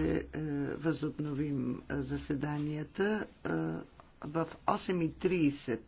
ще е, възобновим е, заседанията е, в 8.30.